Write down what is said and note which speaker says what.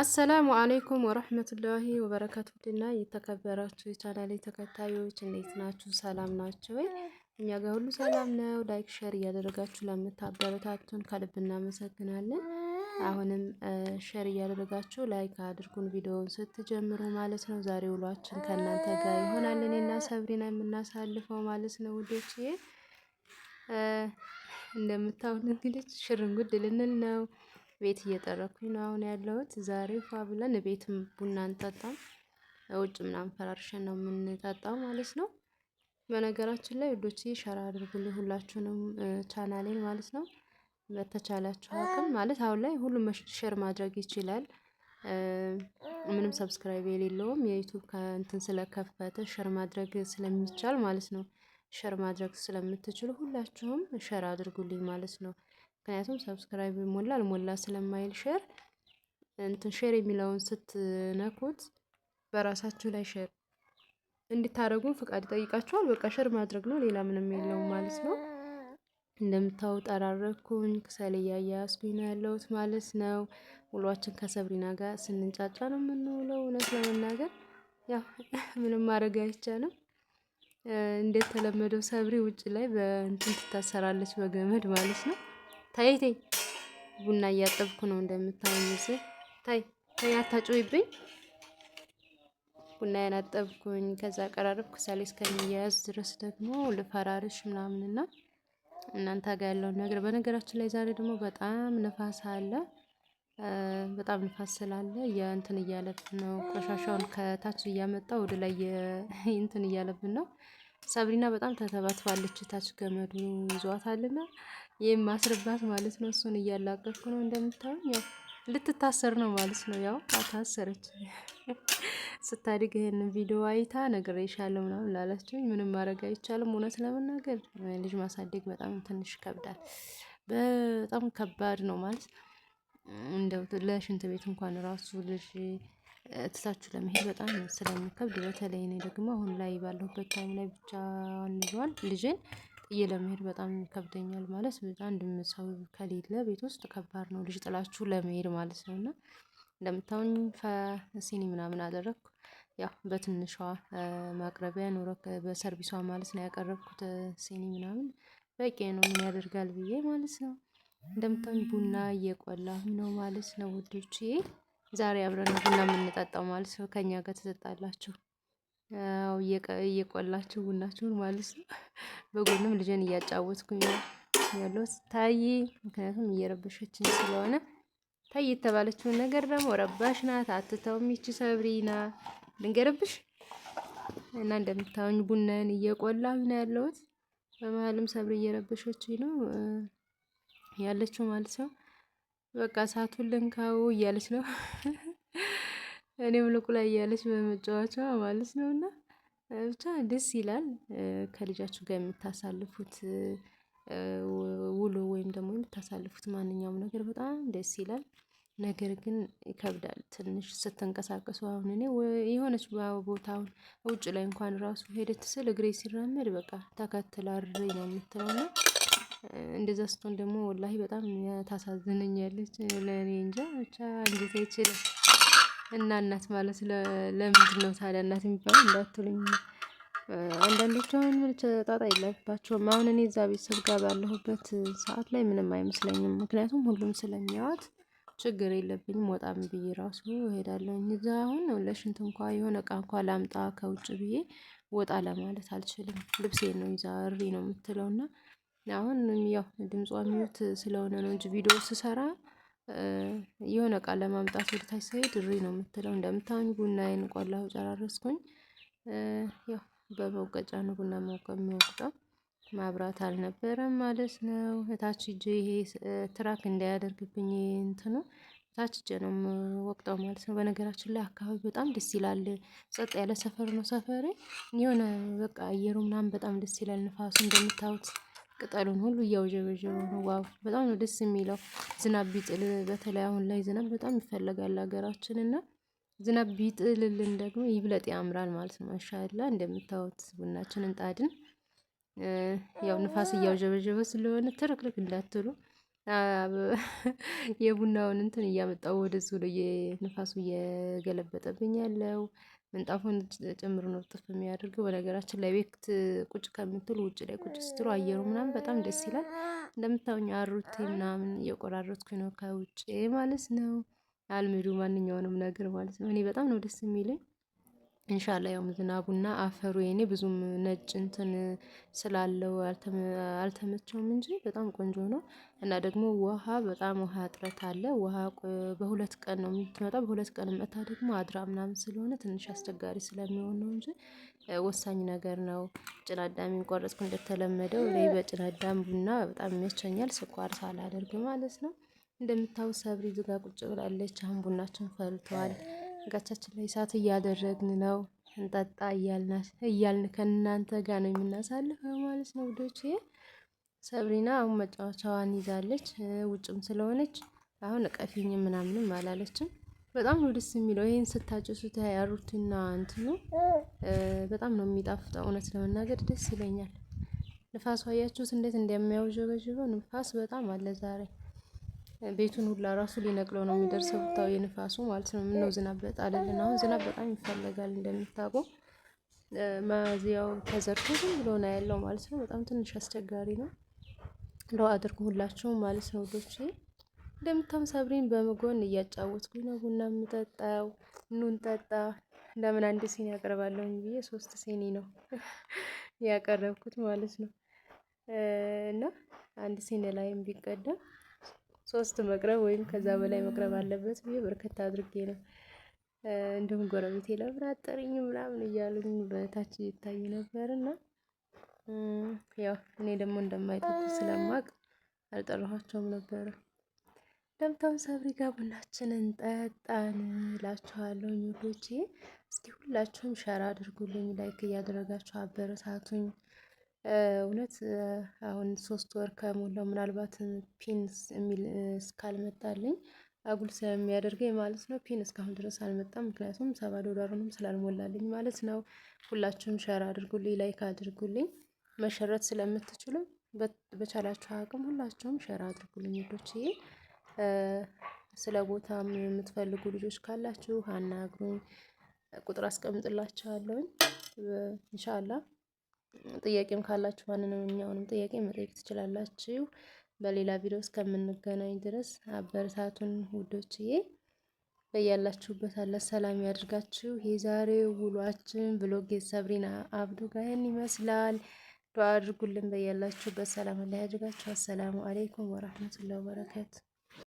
Speaker 1: አሰላሙ አሌይኩም ወረህመቱላሂ ወበረካቱና የተከበራችሁ የቻናሌ ተከታዮች እንዴት ናችሁ? ሰላም ናቸው ወይ? እኛ ጋር ሁሉ ሰላም ነው። ላይክ ሸር እያደረጋችሁ ለምታበረታቱን ከልብ እናመሰግናለን። አሁንም ሸር እያደረጋችሁ ላይክ አድርጉን ቪዲዮውን ስትጀምሩ ማለት ነው። ዛሬ ውሏችን ከእናንተ ጋር ይሆናል። እኔና ሰብሪና የምናሳልፈው ማለት ነው ውዶችዬ። እንደምታውቁት እንግዲህ ሽርንጉድ ልንል ነው ቤት እየጠረኩኝ ነው አሁን ያለሁት። ዛሬ ፋ ብለን ቤት ቡና አንጠጣም ውጭ ምናምን ፈራርሸን ነው የምንጠጣው ማለት ነው። በነገራችን ላይ ውዶቼ ሸራ አድርጉልኝ ሁላችሁንም ቻናሌን ማለት ነው። በተቻላችሁ አቅም ማለት አሁን ላይ ሁሉም ሸር ማድረግ ይችላል። ምንም ሰብስክራይብ የሌለውም የዩቱብ ከእንትን ስለከፈተ ሸር ማድረግ ስለሚቻል ማለት ነው። ሸር ማድረግ ስለምትችሉ ሁላችሁም ሸር አድርጉልኝ ማለት ነው። ምክንያቱም ሰብስክራይብ ሞላ አልሞላ ስለማይል ሼር እንትን ሼር የሚለውን ስትነኩት በራሳችሁ ላይ ሼር እንድታደርጉን ፍቃድ ይጠይቃችኋል። በቃ ሼር ማድረግ ነው፣ ሌላ ምንም የለውም ማለት ነው። እንደምታው ጠራረኩኝ ክሰል እያያያዝኩኝ ነው ያለሁት ማለት ነው። ውሏችን ከሰብሪና ጋር ስንንጫጫ ነው የምንውለው። እውነት ለመናገር ያው ምንም ማድረግ አይቻልም። እንደተለመደው ሰብሪ ውጭ ላይ በእንትን ትታሰራለች በገመድ ማለት ነው። ተይ ተይ፣ ቡና እያጠብኩ ነው እንደምታዩኝ። ስል ተይ ተይ፣ አታጩይብኝ። ቡና ያናጠብኩኝ ከዛ አቀራረብኩ ሳሌ እስከሚያያዝ ድረስ ደግሞ ልፈራርሽ ምናምንና እናንተ ጋር ያለውን ነገር በነገራችን ላይ ዛሬ ደግሞ በጣም ንፋስ አለ። በጣም ንፋስ ስላለ የእንትን እያለብን ነው፣ ቆሻሻውን ከታች እያመጣ ወደ ላይ እንትን እያለብን ነው። ሳብሪና በጣም ተተባትባለች፣ ታች ገመዱ ይዟታልና የማስርባት ማለት ነው። እሱን እያላቀኩ ነው እንደምታዩኝ፣ ያው ልትታሰር ነው ማለት ነው። ያው አታሰረች። ስታድግ ይሄንን ቪዲዮ አይታ ነግሬሻለሁ ምናምን ላላችሁኝ ምንም ማድረግ አይቻልም። እውነት ለመናገር ልጅ ማሳደግ በጣም ትንሽ ይከብዳል። በጣም ከባድ ነው ማለት እንደው ለሽንት ቤት እንኳን ራሱ ልጅ ትታችሁ ለመሄድ በጣም ስለሚከብድ፣ በተለይ እኔ ደግሞ አሁን ላይ ባለሁበት ታይም ላይ ብቻ አንዟል ልጅን ጥዬ ለመሄድ በጣም ይከብደኛል። ማለት አንድ ሰው ከሌለ ቤት ውስጥ ከባድ ነው ልጅ ጥላችሁ ለመሄድ ማለት ነው። እና እንደምታዩኝ ፈሲኒ ምናምን አደረግኩ። ያው በትንሿ ማቅረቢያ ኑሮ በሰርቪሷ ማለት ነው ያቀረብኩት ሲኒ ምናምን በቂ ነው ምን ያደርጋል ብዬ ማለት ነው። እንደምታዩኝ ቡና እየቆላሁ ነው ማለት ነው ውዶች። ዛሬ አብረን ቡና የምንጠጣው ማለት ነው። ከኛ ጋር ትጠጣላችሁ አዎ እየቆላችሁ ቡናችሁን ማለት ነው። በጎንም ልጄን እያጫወትኩኝ ያለሁት ታይ፣ ምክንያቱም እየረበሸችኝ ስለሆነ ታይ የተባለችውን ነገር ደግሞ ረባሽ ናት አትተውም። ይቺ ሰብሪና ልንገርብሽ እና እንደምታዩኝ ቡናን እየቆላሁ ነው ያለሁት። በመሀልም ሰብሪ እየረበሸችኝ ነው ያለችው ማለት ነው። በቃ እሳቱን ልንካው እያለች ነው። እኔም ልቁ ላይ እያለች በመጫወቻ ማለት ነው። እና ብቻ ደስ ይላል ከልጃችሁ ጋር የምታሳልፉት ውሎ ወይም ደግሞ የምታሳልፉት ማንኛውም ነገር በጣም ደስ ይላል። ነገር ግን ይከብዳል ትንሽ ስትንቀሳቀሱ። አሁን እኔ የሆነች ቦታውን ውጭ ላይ እንኳን ራሱ ሄደት ስል እግሬ ሲራመድ በቃ ተከትል አርረኝ ነው የምትለው እና እንደዛ ስትሆን ደግሞ ወላሂ በጣም ታሳዝነኛለች። ለእኔ እንጃ ብቻ እንዴት አይችልም እና እናት ማለት ለምንድን ነው ታዲያ እናት የሚባለው እንዳትሉኝ። አንዳንዶቹ አሁን ምን ተጣጣ የላይባቸውም። አሁን እኔ እዛ ቤተሰብ ጋር ባለሁበት ሰዓት ላይ ምንም አይመስለኝም፣ ምክንያቱም ሁሉም ስለሚያዋት ችግር የለብኝም። ወጣም ብዬ ራሱ ሄዳለሁ እዛ አሁን ለሽንት እንኳ የሆነ እቃ እንኳ ላምጣ ከውጭ ብዬ ወጣ ለማለት አልችልም። ልብሴ ነው ይዛ እሪ ነው የምትለው እና አሁን ያው ድምጿ ሚውት ስለሆነ ነው እንጂ ቪዲዮ ስሰራ የሆነ እቃ ለማምጣት ወደታች ስሄድ እሪ ነው የምትለው። እንደምታዩኝ ቡና ይን ጨራረስኩኝ። ያው በመውቀጫ ነው ቡና መውቀጥ የሚወቅጠው። ማብራት አልነበረም ማለት ነው። እታች እጄ ይሄ ትራክ እንዳያደርግብኝ እንትኑ ታች እጄ ነው የምወቅጠው ማለት ነው። በነገራችን ላይ አካባቢ በጣም ደስ ይላል። ጸጥ ያለ ሰፈር ነው ሰፈሬ። የሆነ በቃ አየሩ ምናምን በጣም ደስ ይላል። ንፋሱ እንደምታዩት ቅጠሉን ሁሉ እያወዣወዣ ነው። ዋው በጣም ነው ደስ የሚለው። ዝናብ ቢጥል በተለይ አሁን ላይ ዝናብ በጣም ይፈለጋል ሀገራችን እና ዝናብ ቢጥልልን ደግሞ ይብለጥ ያምራል ማለት ነው። ማሻላ እንደምታዩት ቡናችንን ጣድን። ያው ንፋስ እያወዣወዣ ስለሆነ ትርክርክ እንዳትሉ የቡናውን እንትን እያመጣው ወደዚህ ወደ እየገለበጠብኝ ያለው ምንጣፉን ጨምሮ ነው ጥፍ የሚያደርገው። በነገራችን ላይ ቤት ቁጭ ከምትል ውጭ ላይ ቁጭ ስትሉ አየሩ ምናምን በጣም ደስ ይላል። እንደምታውኝ አሩቲ ምናምን እየቆራረጥኩኝ ነው ከውጭ ማለት ነው። አልምዱ ማንኛውንም ነገር ማለት ነው። እኔ በጣም ነው ደስ የሚለኝ። እንሻላ ያው ዝናቡና አፈሩ የኔ ብዙም ነጭ እንትን ስላለው አልተመቸውም እንጂ በጣም ቆንጆ ነው። እና ደግሞ ውሃ በጣም ውሃ እጥረት አለ። ውሃ በሁለት ቀን ነው የምትመጣ። በሁለት ቀን መታ ደግሞ አድራ ምናምን ስለሆነ ትንሽ አስቸጋሪ ስለሚሆን ነው እንጂ ወሳኝ ነገር ነው። ጭናዳም ቆረጥኩ እንደተለመደው ይ በጭናዳም ቡና በጣም ይመቸኛል ስኳር ሳላደርግ ማለት ነው። እንደምታው ሰብሪ ዝጋ ቁጭ ብላለች። አሁን ቡናችን ፈልተዋል። ጋቻችን ላይ እሳት እያደረግን ነው እንጠጣ እያልን ከእናንተ ጋር ነው የምናሳልፈው ማለት ነው ውዶች። ሰብሪና አሁን መጫወቻዋን ይዛለች፣ ውጭም ስለሆነች አሁን እቀፊኝ ምናምንም አላለችም። በጣም ነው ደስ የሚለው ይህን ስታጭሱት ያሩትና እንትኑ በጣም ነው የሚጣፍጠው። እውነት ለመናገር ደስ ይለኛል። ንፋስ ዋያችሁት እንዴት እንደሚያውጀበጅበው ንፋስ በጣም አለ ዛሬ። ቤቱን ሁላ ራሱ ሊነቅለው ነው የሚደርሰው ብታው የንፋሱ ማለት ነው። ምነው ዝናብ በጣለልን። አሁን ዝናብ በጣም ይፈለጋል እንደምታውቀው። መዚያው ተዘርቶ ዝም ብሎ ነው ያለው ማለት ነው። በጣም ትንሽ አስቸጋሪ ነው። እንደው አድርጉ ሁላችሁም ማለት ነው ውዶቼ። እንደምታም ሰብሪን በመጎን እያጫወትኩ ነው። ቡና የምጠጣው ኑን ጠጣ ለምን አንድ ሲኒ ያቀርባለሁ ብዬ ሶስት ሲኒ ነው ያቀረብኩት ማለት ነው። እና አንድ ሲኒ ላይም ቢቀደም ሶስት መቅረብ ወይም ከዛ በላይ መቅረብ አለበት ብዬ በርከት አድርጌ ነው። እንዲሁም ጎረቤቴ ለምን አጠርኝ ምናምን እያሉኝ በታች ይታይ ነበር እና ያው እኔ ደግሞ እንደማይጠጡ ስለማቅ አልጠራኋቸውም ነበረ። ደምታውን ሰብሪ ጋር ቡናችንን ጠጣን እላችኋለሁ ውዶቼ። እስኪ ሁላችሁም ሸራ አድርጉልኝ፣ ላይክ እያደረጋችሁ አበረታቱኝ። እውነት አሁን ሶስት ወር ከሞላው ምናልባት ፒን የሚል እስካልመጣልኝ አጉል ስለሚያደርገኝ ማለት ነው። ፒን እስካሁን ድረስ አልመጣም፣ ምክንያቱም ሰባ ዶላሩንም ስላልሞላልኝ ማለት ነው። ሁላችሁም ሸር አድርጉልኝ፣ ላይክ አድርጉልኝ። መሸረት ስለምትችሉ በቻላችሁ አቅም ሁላችሁም ሸር አድርጉልኝ ውዶችዬ። ስለ ቦታም የምትፈልጉ ልጆች ካላችሁ አናግሩኝ፣ ቁጥር አስቀምጥላችኋለሁኝ ኢንሻአላህ ጥያቄም ካላችሁ ማንንም እኛውንም ጥያቄ መጠየቅ ትችላላችሁ። በሌላ ቪዲዮ እስከምንገናኝ ድረስ አበረታቱን ውዶችዬ። በያላችሁበት አለ ሰላም ያድርጋችሁ። የዛሬው ውሏችን ብሎጌ ሰብሪና አብዱ ጋር ይመስላል። ዱዓ አድርጉልን። በያላችሁበት ሰላም ላይ ያድርጋችሁ። አሰላሙ አሌይኩም ወራህመቱላሂ ወበረካቱ